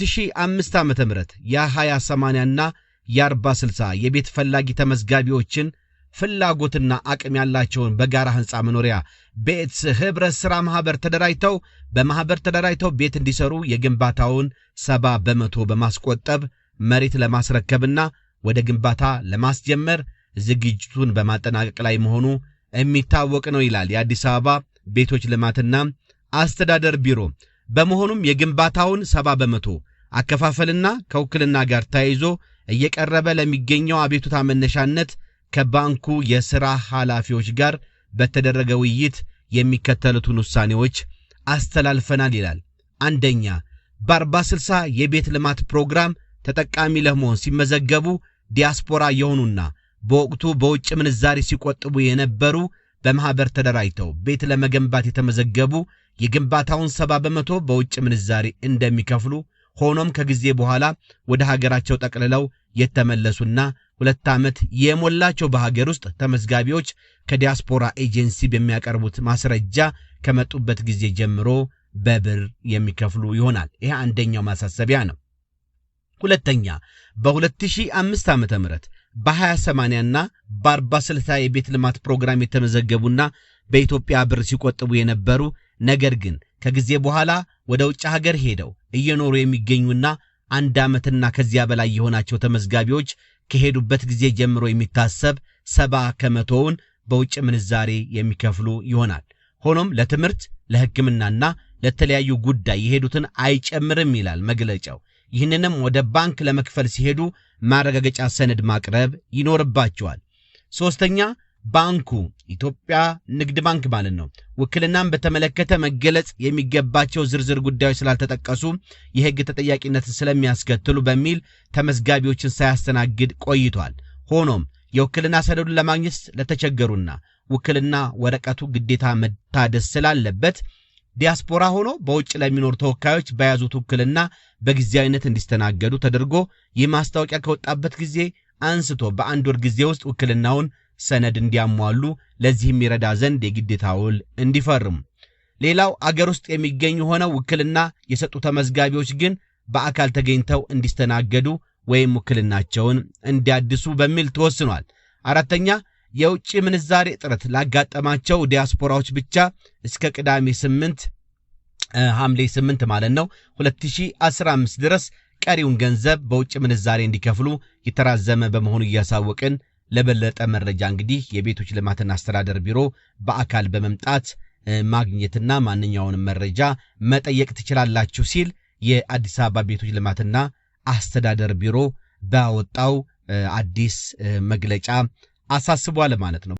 2005 ዓ ም የ 2080 እና የ 4060 የቤት ፈላጊ ተመዝጋቢዎችን ፍላጎትና አቅም ያላቸውን በጋራ ህንፃ መኖሪያ ቤት ህብረት ሥራ ማኅበር ተደራጅተው በማኅበር ተደራጅተው ቤት እንዲሰሩ የግንባታውን ሰባ በመቶ በማስቆጠብ መሬት ለማስረከብና ወደ ግንባታ ለማስጀመር ዝግጅቱን በማጠናቀቅ ላይ መሆኑ የሚታወቅ ነው ይላል የአዲስ አበባ ቤቶች ልማትና አስተዳደር ቢሮ። በመሆኑም የግንባታውን ሰባ በመቶ አከፋፈልና ከውክልና ጋር ተያይዞ እየቀረበ ለሚገኘው አቤቱታ መነሻነት ከባንኩ የሥራ ኃላፊዎች ጋር በተደረገ ውይይት የሚከተሉትን ውሳኔዎች አስተላልፈናል ይላል። አንደኛ በ40/60 የቤት ልማት ፕሮግራም ተጠቃሚ ለመሆን ሲመዘገቡ ዲያስፖራ የሆኑና በወቅቱ በውጭ ምንዛሪ ሲቆጥቡ የነበሩ በማኅበር ተደራጅተው ቤት ለመገንባት የተመዘገቡ የግንባታውን ሰባ በመቶ በውጭ ምንዛሪ እንደሚከፍሉ ሆኖም ከጊዜ በኋላ ወደ ሀገራቸው ጠቅልለው የተመለሱና ሁለት ዓመት የሞላቸው በሀገር ውስጥ ተመዝጋቢዎች ከዲያስፖራ ኤጀንሲ በሚያቀርቡት ማስረጃ ከመጡበት ጊዜ ጀምሮ በብር የሚከፍሉ ይሆናል። ይህ አንደኛው ማሳሰቢያ ነው። ሁለተኛ በ2005 ዓ.ም በ20/80 እና በ40/60 የቤት ልማት ፕሮግራም የተመዘገቡና በኢትዮጵያ ብር ሲቆጥቡ የነበሩ ነገር ግን ከጊዜ በኋላ ወደ ውጭ ሀገር ሄደው እየኖሩ የሚገኙና አንድ ዓመትና ከዚያ በላይ የሆናቸው ተመዝጋቢዎች ከሄዱበት ጊዜ ጀምሮ የሚታሰብ ሰባ ከመቶውን በውጭ ምንዛሬ የሚከፍሉ ይሆናል። ሆኖም ለትምህርት ለሕክምናና ለተለያዩ ጉዳይ የሄዱትን አይጨምርም ይላል መግለጫው። ይህንንም ወደ ባንክ ለመክፈል ሲሄዱ ማረጋገጫ ሰነድ ማቅረብ ይኖርባቸዋል። ሶስተኛ ባንኩ ኢትዮጵያ ንግድ ባንክ ማለት ነው። ውክልናን በተመለከተ መገለጽ የሚገባቸው ዝርዝር ጉዳዮች ስላልተጠቀሱ የሕግ ተጠያቂነት ስለሚያስከትሉ በሚል ተመዝጋቢዎችን ሳያስተናግድ ቆይቷል። ሆኖም የውክልና ሰነዱን ለማግኘት ለተቸገሩና ውክልና ወረቀቱ ግዴታ መታደስ ስላለበት ዲያስፖራ ሆኖ በውጭ ለሚኖሩ ተወካዮች በያዙት ውክልና በጊዜያዊነት እንዲስተናገዱ ተደርጎ ይህ ማስታወቂያ ከወጣበት ጊዜ አንስቶ በአንድ ወር ጊዜ ውስጥ ውክልናውን ሰነድ እንዲያሟሉ ለዚህም ይረዳ ዘንድ የግዴታ ውል እንዲፈርም። ሌላው አገር ውስጥ የሚገኙ የሆነ ውክልና የሰጡ ተመዝጋቢዎች ግን በአካል ተገኝተው እንዲስተናገዱ ወይም ውክልናቸውን እንዲያድሱ በሚል ተወስኗል። አራተኛ የውጭ ምንዛሬ እጥረት ላጋጠማቸው ዲያስፖራዎች ብቻ እስከ ቅዳሜ 8 ሐምሌ 8 ማለት ነው 2015 ድረስ ቀሪውን ገንዘብ በውጭ ምንዛሬ እንዲከፍሉ የተራዘመ በመሆኑ እያሳወቅን ለበለጠ መረጃ እንግዲህ የቤቶች ልማትና አስተዳደር ቢሮ በአካል በመምጣት ማግኘትና ማንኛውንም መረጃ መጠየቅ ትችላላችሁ ሲል የአዲስ አበባ ቤቶች ልማትና አስተዳደር ቢሮ ባወጣው አዲስ መግለጫ አሳስቧል ማለት ነው።